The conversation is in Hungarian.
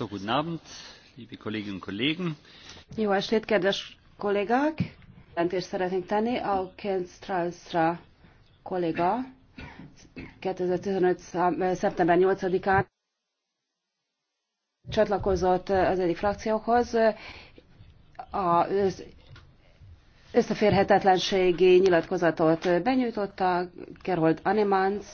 So, guten Abend, liebe Kolleginnen und Kollegen. Jó estét, kedves kollégák! Jelentést szeretnénk tenni a Ken Straussra kolléga 2015. Eh, szeptember 8-án csatlakozott eh, az egyik frakcióhoz. Az összeférhetetlenségi nyilatkozatot eh, benyújtotta, Gerold Anemans